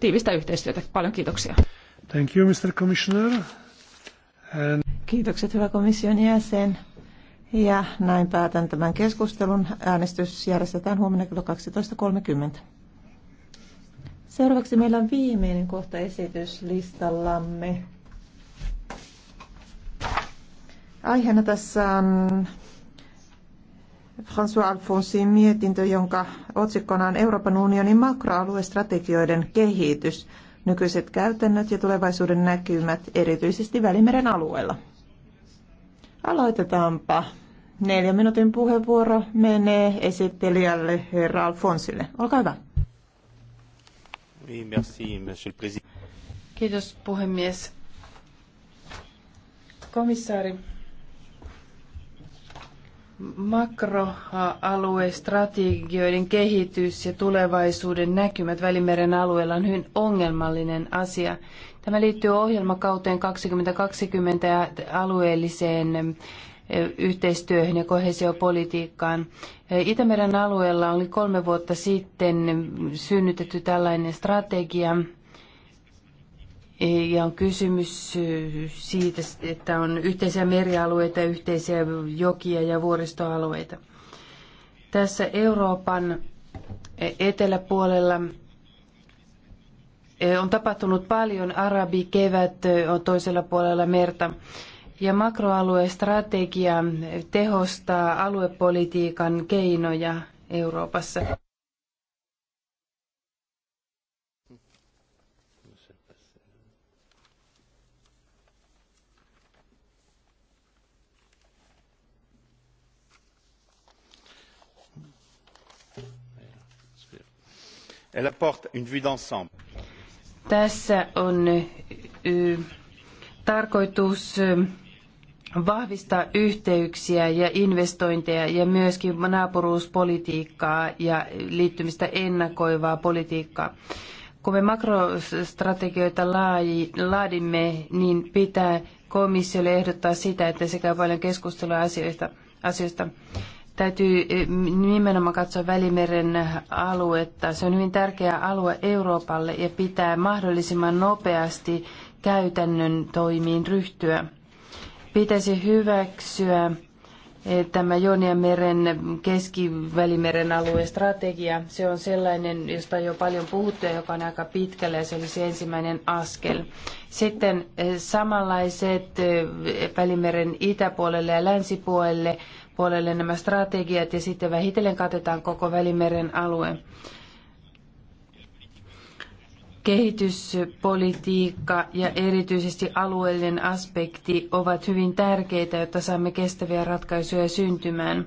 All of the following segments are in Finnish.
tiivistä yhteistyötä. Paljon kiitoksia. Thank you, Mr. Commissioner. And... Kiitokset, hyvä komission jäsen. Ja näin päätän tämän keskustelun. Äänestys järjestetään huomenna kello 12.30. Seuraavaksi meillä on viimeinen kohta esityslistallamme. Aiheena tässä on François Alfonsin mietintö, jonka otsikkona on Euroopan unionin makroaluestrategioiden kehitys, nykyiset käytännöt ja tulevaisuuden näkymät erityisesti Välimeren alueella. Aloitetaanpa. Neljä minuutin puheenvuoro menee esittelijälle herra Alfonsille. Olkaa hyvä. Kiitos puhemies. Komissaari, makroaluestrategioiden kehitys ja tulevaisuuden näkymät Välimeren alueella on hyvin ongelmallinen asia. Tämä liittyy ohjelmakauteen 2020 ja alueelliseen yhteistyöhön ja kohesiopolitiikkaan. Itämeren alueella oli kolme vuotta sitten synnytetty tällainen strategia, ja on kysymys siitä, että on yhteisiä merialueita, yhteisiä jokia ja vuoristoalueita. Tässä Euroopan e, eteläpuolella e, on tapahtunut paljon arabi kevät on toisella puolella merta. Ja makroaluestrategia tehostaa aluepolitiikan keinoja Euroopassa. Elle apporte une vue d'ensemble. Tässä on tarkoitus vahvistaa yhteyksiä ja investointeja ja myöskin naapuruuspolitiikkaa ja liittymistä ennakoivaa politiikkaa. Kun me makrostrategioita laadimme, niin pitää komissiolle ehdottaa sitä, että se käy paljon keskustelua asioista. asioista täytyy eh, nimenomaan katsoa Välimeren aluetta. Se on hyvin tärkeä alue Euroopalle ja pitää mahdollisimman nopeasti käytännön toimiin ryhtyä. Pitäisi hyväksyä eh, tämä meren keskivälimeren alueen strategia. Se on sellainen, josta on jo paljon puhuttu ja joka on aika pitkällä ja se olisi ensimmäinen askel. Sitten eh, samanlaiset Välimeren itäpuolelle ja länsipuolelle puolelle nämä strategiat ja sitten vähitellen katetaan koko Välimeren alue. Kehityspolitiikka ja erityisesti alueellinen aspekti ovat hyvin tärkeitä, jotta saamme kestäviä ratkaisuja syntymään.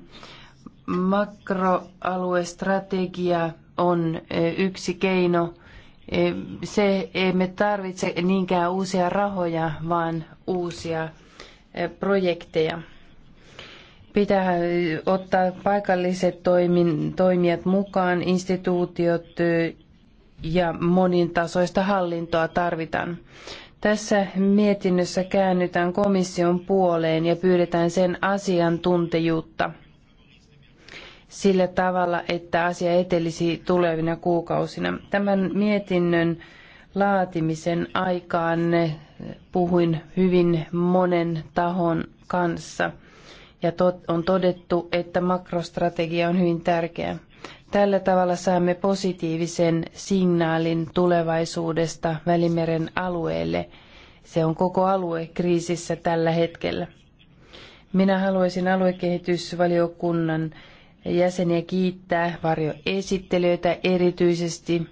Makroaluestrategia on yksi keino. Se emme tarvitse niinkään uusia rahoja, vaan uusia projekteja. Pitää ottaa paikalliset toimin, toimijat mukaan, instituutiot ja monintasoista hallintoa tarvitaan. Tässä mietinnössä käännytään komission puoleen ja pyydetään sen asiantuntijuutta sillä tavalla, että asia etelisi tulevina kuukausina. Tämän mietinnön laatimisen aikaan puhuin hyvin monen tahon kanssa – ja on todettu, että makrostrategia on hyvin tärkeä. Tällä tavalla saamme positiivisen signaalin tulevaisuudesta Välimeren alueelle. Se on koko alue kriisissä tällä hetkellä. Minä haluaisin aluekehitysvaliokunnan jäseniä kiittää varjoesittelijöitä erityisesti.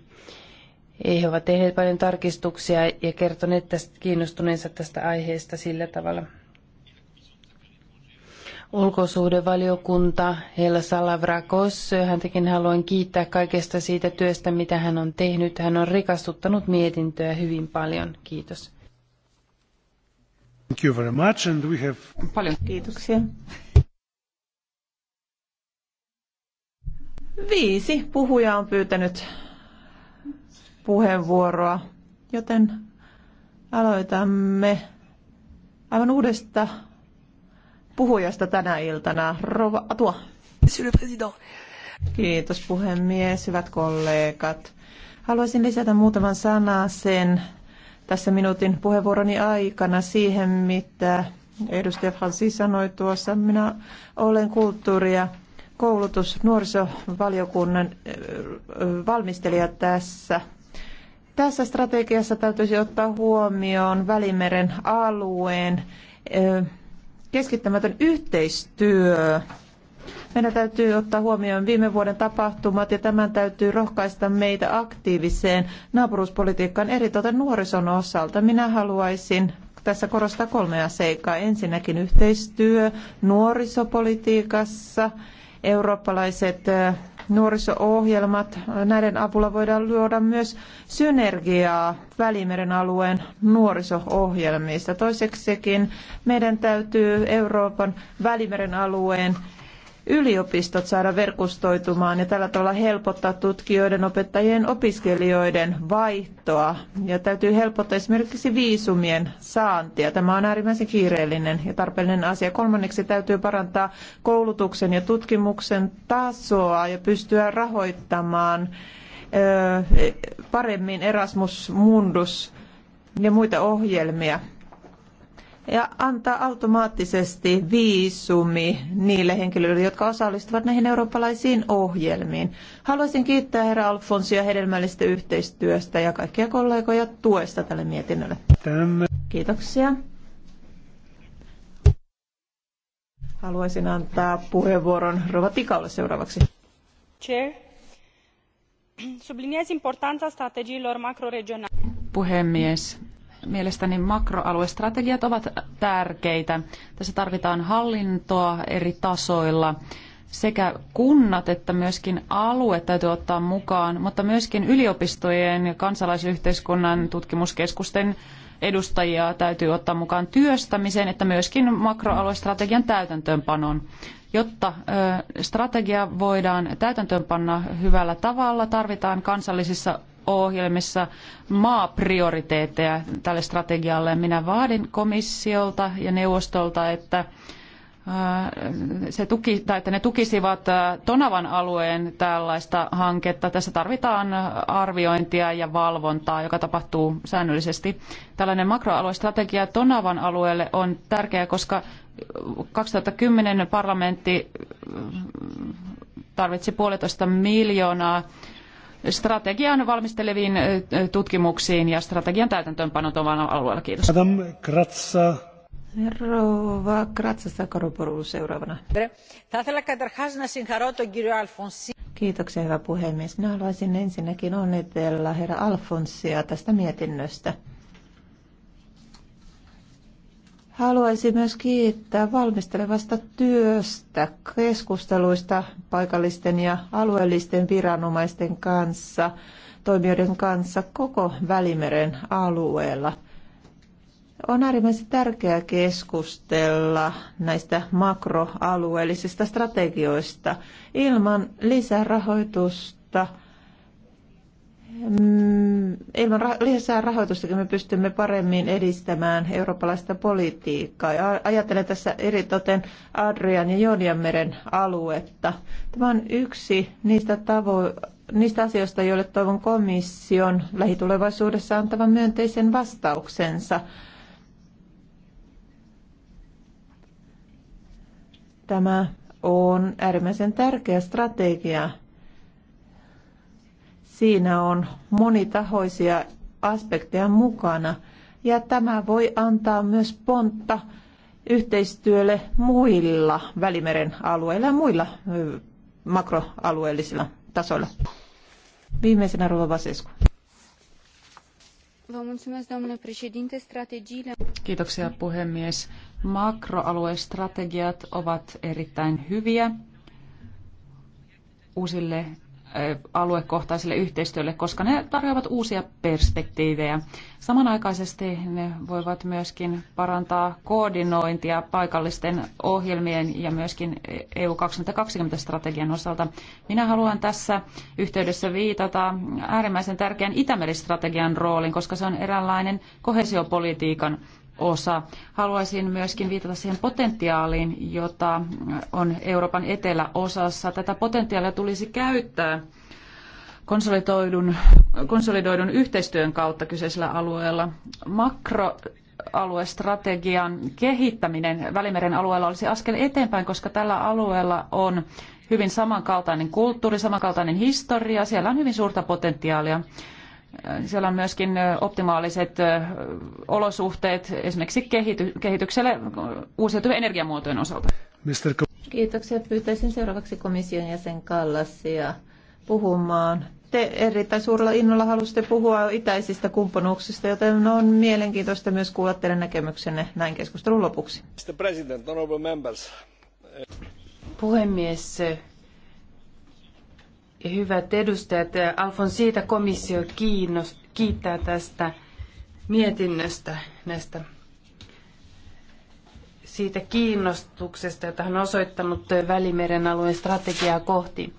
He ovat tehneet paljon tarkistuksia ja kertoneet tästä kiinnostuneensa tästä aiheesta sillä tavalla ulkosuhdevaliokunta Hella Salavrakos. Häntäkin haluan kiittää kaikesta siitä työstä, mitä hän on tehnyt. Hän on rikastuttanut mietintöä hyvin paljon. Kiitos. Thank you very much and we have... Paljon kiitoksia. Viisi puhujaa on pyytänyt puheenvuoroa, joten aloitamme aivan uudesta puhujasta tänä iltana. Rova Atua. Monsieur le Président. Kiitos puhemies, hyvät kollegat. Haluaisin lisätä muutaman sanaa sen tässä minuutin puheenvuoroni aikana siihen, mitä edustaja Francis sanoi tuossa. Minä olen kulttuuri- ja koulutus- nuorisovaliokunnan valmistelija tässä. Tässä strategiassa täytyisi ottaa huomioon Välimeren alueen keskittämätön yhteistyö. Meidän täytyy ottaa huomioon viime vuoden tapahtumat ja tämän täytyy rohkaista meitä aktiiviseen naapuruuspolitiikkaan eritoten nuorison osalta. Minä haluaisin tässä korostaa kolmea seikkaa. Ensinnäkin yhteistyö nuorisopolitiikassa, eurooppalaiset nuoriso-ohjelmat, näiden avulla voidaan luoda myös synergiaa Välimeren alueen nuoriso-ohjelmista. Toiseksikin meidän täytyy Euroopan Välimeren alueen yliopistot saada verkostoitumaan ja tällä tavalla helpottaa tutkijoiden, opettajien, opiskelijoiden vaihtoa. Ja täytyy helpottaa esimerkiksi viisumien saantia. Tämä on äärimmäisen kiireellinen ja tarpeellinen asia. Kolmanneksi täytyy parantaa koulutuksen ja tutkimuksen tasoa ja pystyä rahoittamaan paremmin Erasmus Mundus ja muita ohjelmia ja antaa automaattisesti viisumi niille henkilöille, jotka osallistuvat näihin eurooppalaisiin ohjelmiin. Haluaisin kiittää herra Alfonsia hedelmällisestä yhteistyöstä ja kaikkia kollegoja tuesta tälle mietinnölle. Tämä. Kiitoksia. Haluaisin antaa puheenvuoron Rova Tikalle seuraavaksi. Chair. Subliniez importanța strategiilor macroregionale. Puhemies, mielestäni makroaluestrategiat ovat tärkeitä. Tässä tarvitaan hallintoa eri tasoilla. Sekä kunnat että myöskin alue täytyy ottaa mukaan, mutta myöskin yliopistojen ja kansalaisyhteiskunnan tutkimuskeskusten edustajia täytyy ottaa mukaan työstämiseen, että myöskin makroaluestrategian täytäntöönpanoon. Jotta strategia voidaan täytäntöönpanna hyvällä tavalla, tarvitaan kansallisissa ohjelmissa maaprioriteetteja tälle strategialle. Minä vaadin komissiolta ja neuvostolta, että äh, se tuki, tai että ne tukisivat äh, Tonavan alueen tällaista hanketta. Tässä tarvitaan arviointia ja valvontaa, joka tapahtuu säännöllisesti. Tällainen makroaluestrategia Tonavan alueelle on tärkeä, koska 2010 parlamentti äh, tarvitsi puolitoista miljoonaa strategian valmisteleviin tutkimuksiin ja strategian täytäntöönpanon tuomaan alueella. Kiitos. Adam Kratsa. Rouva Kratsa Sakaroporu seuraavana. Kiitoksia, hyvä puhemies. Minä haluaisin ensinnäkin onnitella herra Alfonsia tästä mietinnöstä. Haluaisin myös kiittää valmistelevasta työstä, keskusteluista paikallisten ja alueellisten viranomaisten kanssa, toimijoiden kanssa koko Välimeren alueella. On äärimmäisen tärkeää keskustella näistä makroalueellisista strategioista ilman lisärahoitusta ilman lisää rahoitusta me pystymme paremmin edistämään eurooppalaista politiikkaa. Ja ajattelen tässä eritoten Adrian ja Jonianmeren aluetta. Tämä on yksi niistä tavo- niistä asioista, joille toivon komission lähitulevaisuudessa antavan myönteisen vastauksensa. Tämä on äärimmäisen tärkeä strategia Siinä on monitahoisia aspekteja mukana ja tämä voi antaa myös pontta yhteistyölle muilla Välimeren alueilla ja muilla makroalueellisilla tasoilla. Viimeisenä Rova Vasescu. Kiitoksia puhemies. Makroaluestrategiat ovat erittäin hyviä uusille Eh, aluekohtaiselle yhteistyölle, koska ne tarjoavat uusia perspektiivejä. Samanaikaisesti ne voivat myöskin parantaa koordinointia paikallisten ohjelmien ja myöskin EU 2020-strategian osalta. Minä haluan tässä yhteydessä viitata äärimmäisen tärkeän Itämeri-strategian roolin, koska se on eräänlainen kohesiopolitiikan osa. Haluaisin myöskin viitata siihen potentiaaliin, jota on Euroopan eteläosassa. Tätä potentiaalia tulisi käyttää konsolidoidun, konsolidoidun yhteistyön kautta kyseisellä alueella. Makro aluestrategian kehittäminen Välimeren alueella olisi askel eteenpäin, koska tällä alueella on hyvin samankaltainen kulttuuri, samankaltainen historia, siellä on hyvin suurta potentiaalia siellä on myöskin optimaaliset olosuhteet esimerkiksi kehity, kehitykselle uusiutuvien energiamuotojen osalta. Kiitoksia. Pyytäisin seuraavaksi komission jäsen Kallasia puhumaan. Te erittäin suurella innolla halusitte puhua itäisistä kumppanuuksista, joten on mielenkiintoista myös kuulla teidän näkemyksenne näin keskustelun lopuksi. Mr. President, honorable members. Puhemies, Hyvät edustajat, Alfonsiita komissio kiinnos, kiittää tästä mietinnöstä, näistä siitä kiinnostuksesta, jota hän on osoittanut Välimeren alueen strategiaa kohti.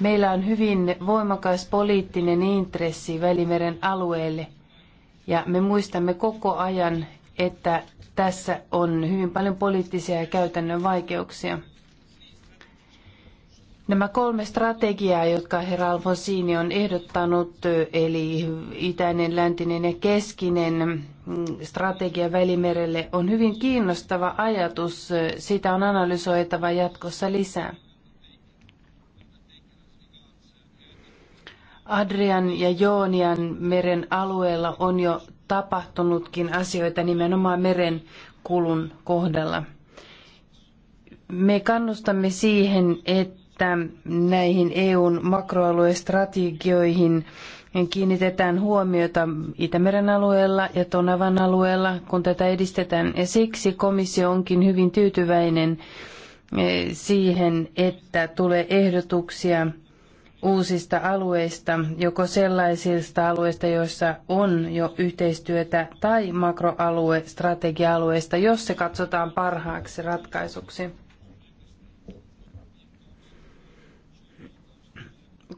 Meillä on hyvin voimakas poliittinen intressi Välimeren alueelle ja me muistamme koko ajan, että tässä on hyvin paljon poliittisia ja käytännön vaikeuksia. Nämä kolme strategiaa, jotka herra Alfonsini on ehdottanut, eli itäinen, läntinen ja keskinen strategia Välimerelle, on hyvin kiinnostava ajatus. Sitä on analysoitava jatkossa lisää. Adrian ja Joonian meren alueella on jo tapahtunutkin asioita nimenomaan meren kulun kohdalla. Me kannustamme siihen, että että näihin EUn makroaluestrategioihin kiinnitetään huomiota Itämeren alueella ja Tonavan alueella, kun tätä edistetään. Ja siksi komissio onkin hyvin tyytyväinen eh, siihen, että tulee ehdotuksia uusista alueista, joko sellaisista alueista, joissa on jo yhteistyötä, tai makroalue, strategia-alueista, jos se katsotaan parhaaksi ratkaisuksi.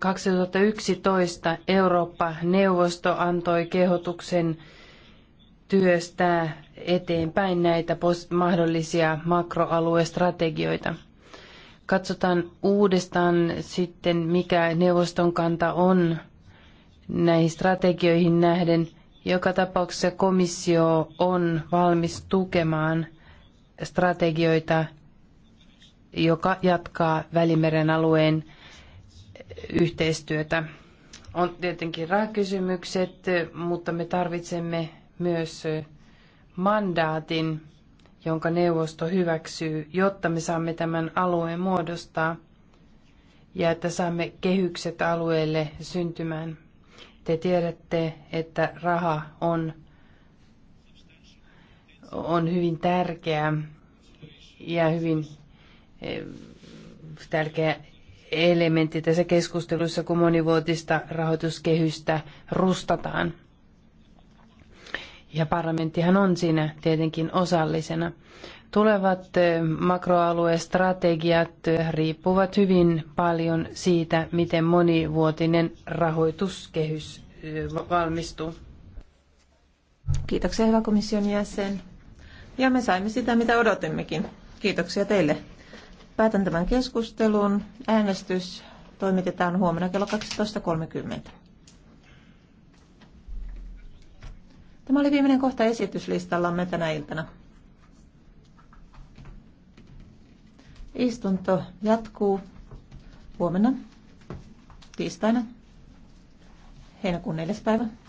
2011 Eurooppa-neuvosto antoi kehotuksen työstää eteenpäin näitä mahdollisia makroaluestrategioita. Katsotaan uudestaan sitten, mikä neuvoston kanta on näihin strategioihin nähden. Joka tapauksessa komissio on valmis tukemaan strategioita, joka jatkaa Välimeren alueen yhteistyötä. On tietenkin rahakysymykset, mutta me tarvitsemme myös mandaatin, jonka neuvosto hyväksyy, jotta me saamme tämän alueen muodostaa ja että saamme kehykset alueelle syntymään. Te tiedätte, että raha on, on hyvin tärkeä ja hyvin eh, tärkeä elementti tässä keskustelussa, kun monivuotista rahoituskehystä rustataan. Ja parlamenttihan on siinä tietenkin osallisena. Tulevat eh, makroaluestrategiat eh, riippuvat hyvin paljon siitä, miten monivuotinen rahoituskehys eh, valmistuu. Kiitoksia hyvä komission jäsen. Ja me saimme sitä, mitä odotimmekin. Kiitoksia teille. Päätän tämän keskustelun. Äänestys toimitetaan huomenna kello 12.30. Tämä oli viimeinen kohta esityslistallamme tänä iltana. Istunto jatkuu huomenna tiistaina heinäkuun 4. päivä.